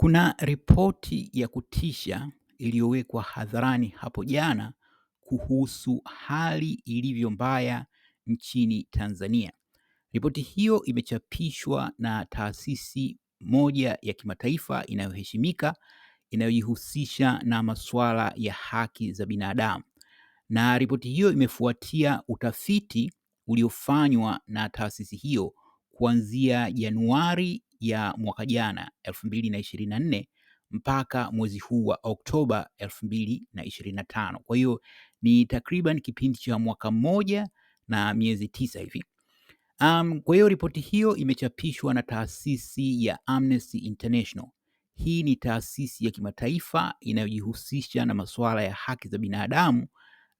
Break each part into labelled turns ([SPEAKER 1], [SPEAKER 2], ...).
[SPEAKER 1] Kuna ripoti ya kutisha iliyowekwa hadharani hapo jana kuhusu hali ilivyo mbaya nchini Tanzania. Ripoti hiyo imechapishwa na taasisi moja ya kimataifa inayoheshimika inayojihusisha na masuala ya haki za binadamu. Na ripoti hiyo imefuatia utafiti uliofanywa na taasisi hiyo kuanzia Januari ya mwaka jana 2024 mpaka mwezi huu wa Oktoba 2025. Kwa hiyo ni takriban kipindi cha mwaka mmoja na miezi tisa hivi. Um, kwa hiyo ripoti hiyo imechapishwa na taasisi ya Amnesty International. Hii ni taasisi ya kimataifa inayojihusisha na masuala ya haki za binadamu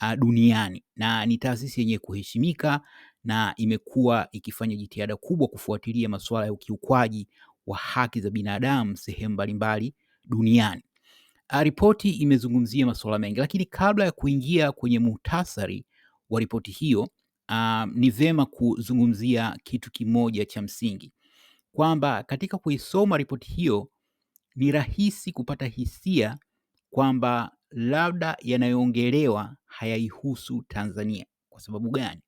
[SPEAKER 1] uh, duniani na ni taasisi yenye kuheshimika na imekuwa ikifanya jitihada kubwa kufuatilia masuala ya ukiukwaji wa haki za binadamu sehemu mbalimbali duniani. Ah, ripoti imezungumzia masuala mengi, lakini kabla ya kuingia kwenye muhtasari wa ripoti hiyo, uh, ni vema kuzungumzia kitu kimoja cha msingi kwamba katika kuisoma ripoti hiyo ni rahisi kupata hisia kwamba labda yanayoongelewa hayaihusu Tanzania. Kwa sababu gani?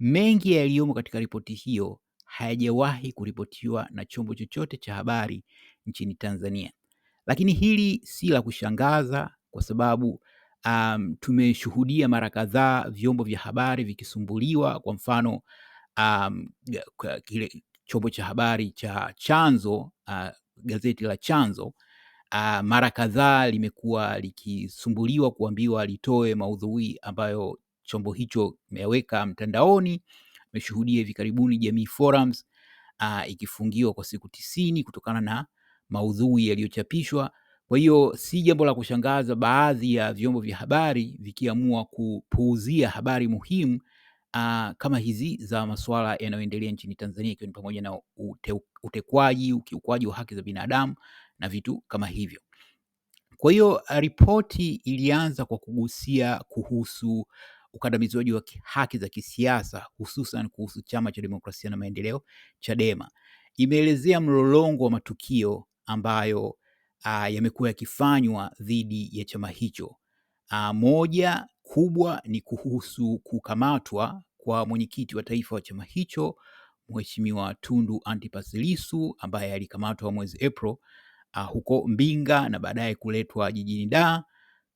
[SPEAKER 1] Mengi yaliyomo katika ripoti hiyo hayajawahi kuripotiwa na chombo chochote cha habari nchini Tanzania, lakini hili si la kushangaza kwa sababu um, tumeshuhudia mara kadhaa vyombo vya habari vikisumbuliwa. Kwa mfano um, kile chombo cha habari cha Chanzo uh, gazeti la Chanzo uh, mara kadhaa limekuwa likisumbuliwa kuambiwa litoe maudhui ambayo chombo hicho kimeweka mtandaoni. Meshuhudia hivi karibuni Jamii Forums uh, ikifungiwa kwa siku tisini kutokana na maudhui yaliyochapishwa. Kwa hiyo si jambo la kushangaza baadhi ya vyombo vya habari vikiamua kupuuzia habari muhimu uh, kama hizi za masuala yanayoendelea nchini Tanzania ikiwa ni pamoja na ute, utekwaji, ukiukwaji wa haki za binadamu na vitu kama hivyo. Kwa hiyo ripoti ilianza kwa kugusia kuhusu ukandamizwaji wa haki za kisiasa hususan kuhusu Chama cha Demokrasia na Maendeleo, Chadema. Imeelezea mlolongo wa matukio ambayo uh, yamekuwa yakifanywa dhidi ya chama hicho. Uh, moja kubwa ni kuhusu kukamatwa kwa mwenyekiti wa taifa wa chama hicho Mheshimiwa Tundu Antipas Lissu ambaye alikamatwa mwezi April uh, huko Mbinga na baadaye kuletwa jijini Dar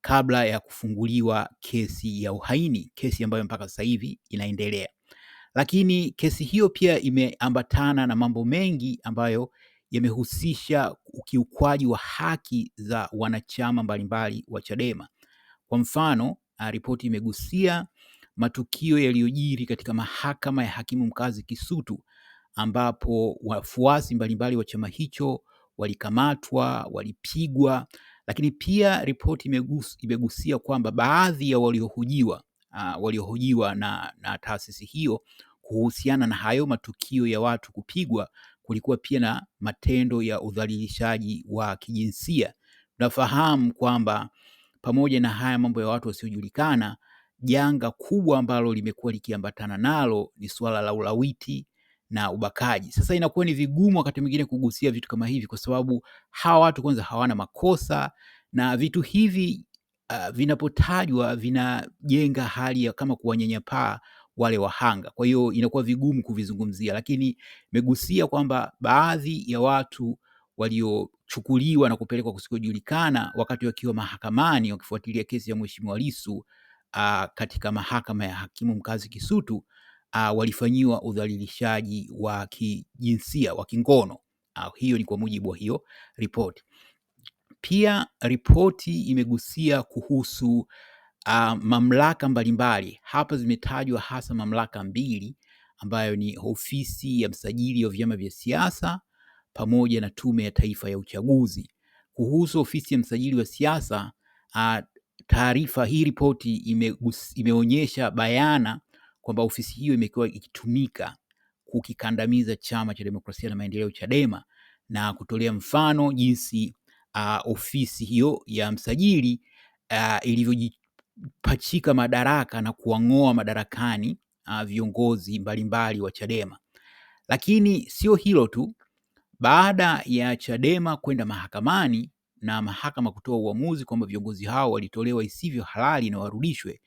[SPEAKER 1] kabla ya kufunguliwa kesi ya uhaini, kesi ambayo mpaka sasa hivi inaendelea. Lakini kesi hiyo pia imeambatana na mambo mengi ambayo yamehusisha ukiukwaji wa haki za wanachama mbalimbali wa Chadema. Kwa mfano, ah, ripoti imegusia matukio yaliyojiri katika mahakama ya hakimu mkazi Kisutu ambapo wafuasi mbalimbali wa chama hicho walikamatwa, walipigwa lakini pia ripoti imegusia, kwamba baadhi ya waliohojiwa uh, waliohojiwa na, na taasisi hiyo kuhusiana na hayo matukio ya watu kupigwa, kulikuwa pia na matendo ya udhalilishaji wa kijinsia. Tunafahamu kwamba pamoja na haya mambo ya watu wasiojulikana, janga kubwa ambalo limekuwa likiambatana nalo ni suala la ulawiti na ubakaji. Sasa inakuwa ni vigumu wakati mwingine kugusia vitu kama hivi, kwa sababu hawa watu kwanza hawana makosa na vitu hivi uh, vinapotajwa vinajenga hali ya kama kuwanyanyapaa wale wahanga. Kwa hiyo inakuwa vigumu kuvizungumzia, lakini imegusia kwamba baadhi ya watu waliochukuliwa na kupelekwa kusikojulikana wakati wakiwa mahakamani wakifuatilia kesi ya Mheshimiwa Lissu uh, katika mahakama ya hakimu mkazi Kisutu uh, walifanyiwa udhalilishaji wa kijinsia wa kingono. Uh, hiyo ni kwa mujibu wa hiyo ripoti. Pia ripoti imegusia kuhusu uh, mamlaka mbalimbali. Hapa zimetajwa hasa mamlaka mbili ambayo ni ofisi ya msajili wa vyama vya siasa pamoja na Tume ya Taifa ya Uchaguzi. Kuhusu ofisi ya msajili wa siasa, uh, taarifa hii, ripoti imeonyesha bayana kwamba ofisi hiyo imekuwa ikitumika kukikandamiza Chama cha Demokrasia na Maendeleo, Chadema, na kutolea mfano jinsi uh, ofisi hiyo ya msajili uh, ilivyojipachika madaraka na kuwang'oa madarakani uh, viongozi mbalimbali wa Chadema. Lakini sio hilo tu, baada ya Chadema kwenda mahakamani na mahakama kutoa uamuzi kwamba viongozi hao walitolewa isivyo halali na warudishwe,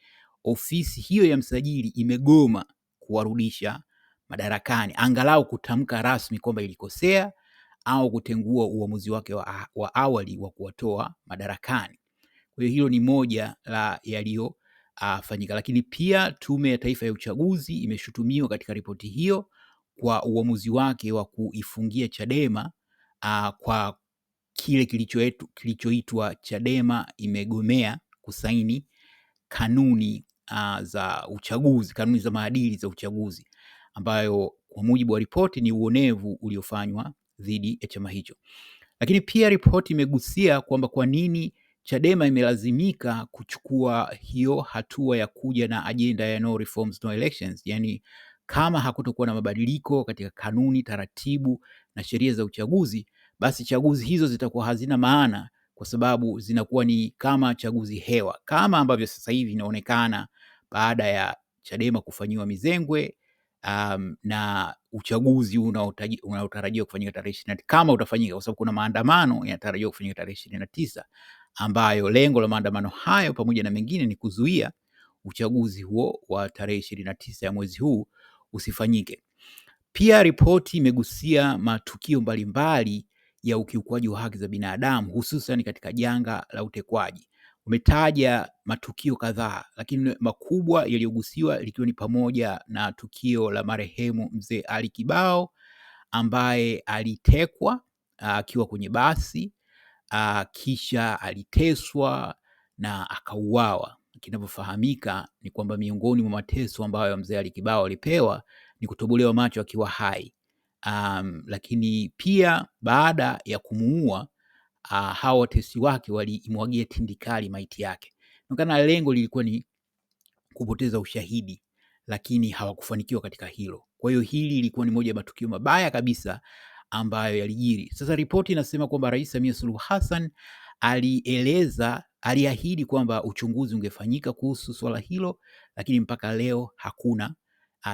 [SPEAKER 1] ofisi hiyo ya msajili imegoma kuwarudisha madarakani, angalau kutamka rasmi kwamba ilikosea au kutengua uamuzi wake wa, wa awali wa kuwatoa madarakani. Kwa hiyo hilo ni moja la yaliyofanyika, lakini pia Tume ya Taifa ya Uchaguzi imeshutumiwa katika ripoti hiyo kwa uamuzi wake wa kuifungia Chadema a, kwa kile kilichoitwa Chadema imegomea kusaini kanuni uh, za uchaguzi, kanuni za maadili za uchaguzi, ambayo kwa mujibu wa ripoti ni uonevu uliofanywa dhidi ya chama hicho. Lakini pia ripoti imegusia kwamba kwa nini Chadema imelazimika kuchukua hiyo hatua ya kuja na ajenda ya no reforms, no elections, yani kama hakutokuwa na mabadiliko katika kanuni, taratibu na sheria za uchaguzi, basi chaguzi hizo zitakuwa hazina maana kwa sababu zinakuwa ni kama chaguzi hewa, kama ambavyo sasa hivi inaonekana baada ya Chadema kufanyiwa mizengwe um, na uchaguzi unaotarajiwa kufanyika tarehe ishirini kama utafanyika, kwa sababu kuna maandamano yanatarajiwa kufanyika tarehe ishirini na tisa ambayo lengo la maandamano hayo pamoja na mengine ni kuzuia uchaguzi huo wa tarehe ishirini na tisa ya mwezi huu usifanyike. Pia ripoti imegusia matukio mbalimbali ya ukiukwaji wa haki za binadamu hususan katika janga la utekwaji. Umetaja matukio kadhaa, lakini makubwa yaliyogusiwa likiwa ni pamoja na tukio la marehemu mzee Ali Kibao ambaye alitekwa akiwa kwenye basi a, kisha aliteswa na akauawa. Kinavyofahamika ni kwamba miongoni mwa mateso ambayo mzee Ali Kibao alipewa ni kutobolewa macho akiwa hai um, lakini pia baada ya kumuua uh, hawa watesi wake walimwagia tindikali maiti yake, kana lengo lilikuwa ni kupoteza ushahidi, lakini hawakufanikiwa katika hilo. Kwa hiyo hili lilikuwa ni moja ya matukio mabaya kabisa ambayo yalijiri. Sasa ripoti inasema kwamba Rais Samia Suluhu Hassan alieleza aliahidi kwamba uchunguzi ungefanyika kuhusu swala hilo, lakini mpaka leo hakuna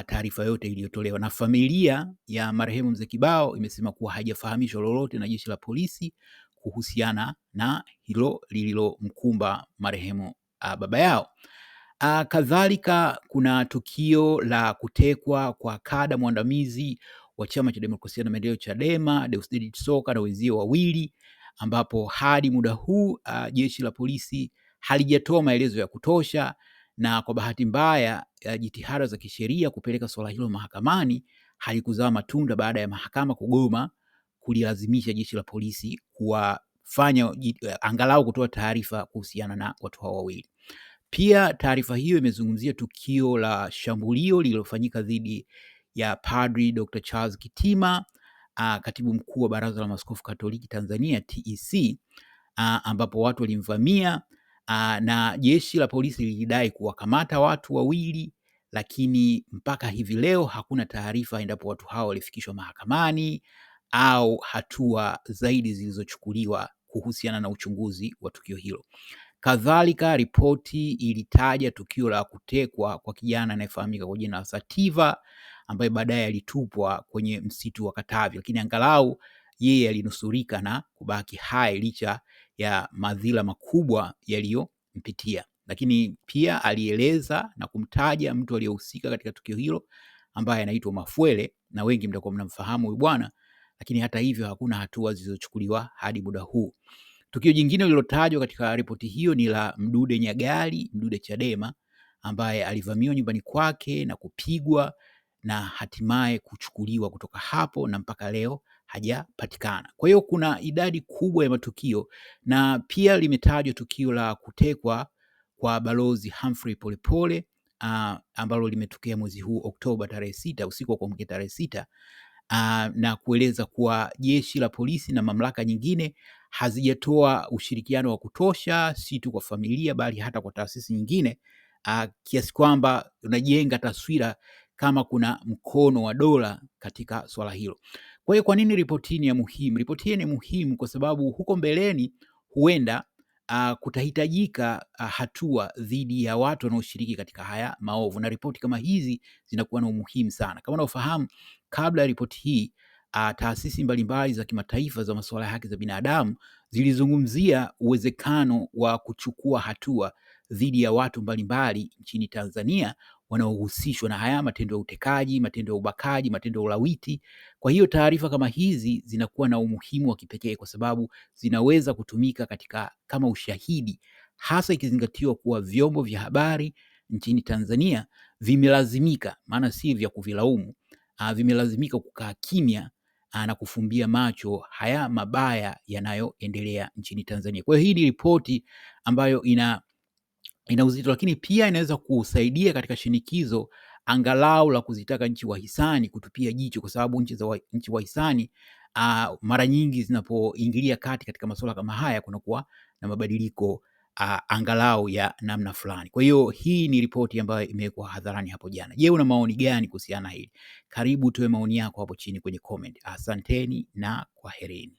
[SPEAKER 1] taarifa yote iliyotolewa na familia ya marehemu Mzee Kibao imesema kuwa haijafahamishwa lolote na jeshi la polisi kuhusiana na hilo lililomkumba marehemu baba yao. Kadhalika, kuna tukio la kutekwa kwa kada mwandamizi wa Chama cha Demokrasia na Maendeleo Chadema, Deusdedith Soka na wenzio wawili, ambapo hadi muda huu jeshi la polisi halijatoa maelezo ya kutosha na kwa bahati mbaya eh, jitihada za kisheria kupeleka suala hilo mahakamani halikuzaa matunda baada ya mahakama kugoma kulilazimisha jeshi la polisi kuwafanya eh, angalau kutoa taarifa kuhusiana na watu hao wawili. Pia taarifa hiyo imezungumzia tukio la shambulio lililofanyika dhidi ya Padri Dr. Charles Kitima, ah, katibu mkuu wa Baraza la Maaskofu Katoliki Tanzania TEC, ah, ambapo watu walimvamia Aa, ah, na jeshi la polisi lilidai kuwakamata watu wawili, lakini mpaka hivi leo hakuna taarifa endapo watu hao walifikishwa mahakamani au hatua zaidi zilizochukuliwa kuhusiana na uchunguzi wa tukio hilo. Kadhalika, ripoti ilitaja tukio la kutekwa kwa kijana anayefahamika kwa jina la Sativa ambaye baadaye alitupwa kwenye msitu wa Katavi, lakini angalau yeye alinusurika na kubaki hai licha ya madhila makubwa yaliyompitia, lakini pia alieleza na kumtaja mtu aliyehusika katika tukio hilo ambaye anaitwa Mafuele na wengi mtakuwa mnamfahamu huyu bwana, lakini hata hivyo hakuna hatua zilizochukuliwa hadi muda huu. Tukio jingine lililotajwa katika ripoti hiyo ni la Mdude Nyagali, Mdude Chadema, ambaye alivamiwa nyumbani kwake na kupigwa na hatimaye kuchukuliwa kutoka hapo, na mpaka leo hajapatikana. Kwa hiyo kuna idadi kubwa ya matukio na pia limetajwa tukio la kutekwa kwa Balozi Humphrey Polepole uh, ambalo limetokea mwezi huu Oktoba tarehe sita usiku wa kuamkia tarehe sita uh, na kueleza kuwa jeshi la polisi na mamlaka nyingine hazijatoa ushirikiano wa kutosha, si tu kwa familia bali hata kwa taasisi nyingine uh, kiasi kwamba unajenga taswira kama kuna mkono wa dola katika swala hilo. Kwa hiyo kwa nini ripoti hii ni ya muhimu? Ripoti hii ni muhimu kwa sababu huko mbeleni huenda uh, kutahitajika uh, hatua dhidi ya watu wanaoshiriki katika haya maovu, na ripoti kama hizi zinakuwa na umuhimu sana. Kama unaofahamu, kabla ya ripoti hii uh, taasisi mbalimbali za kimataifa za masuala ya haki za binadamu zilizungumzia uwezekano wa kuchukua hatua dhidi ya watu mbalimbali nchini Tanzania wanaohusishwa na haya matendo ya utekaji, matendo ya ubakaji, matendo ya ulawiti. Kwa hiyo taarifa kama hizi zinakuwa na umuhimu wa kipekee kwa sababu zinaweza kutumika katika kama ushahidi, hasa ikizingatiwa kuwa vyombo vya habari nchini Tanzania vimelazimika, maana si vya kuvilaumu, ah, vimelazimika kukaa kimya ah, na kufumbia macho haya mabaya yanayoendelea nchini Tanzania. Kwa hiyo hii ni ripoti ambayo ina ina uzito, lakini pia inaweza kusaidia katika shinikizo angalau la kuzitaka nchi wahisani kutupia jicho, kwa sababu nchi za wa, nchi wahisani uh, mara nyingi zinapoingilia kati katika masuala kama haya kunakuwa na mabadiliko uh, angalau ya namna fulani. Kwa hiyo hii ni ripoti ambayo imewekwa hadharani hapo jana. Je, una maoni gani kuhusiana na hili? Karibu tuwe maoni yako hapo chini kwenye comment. Asanteni na kwaherini.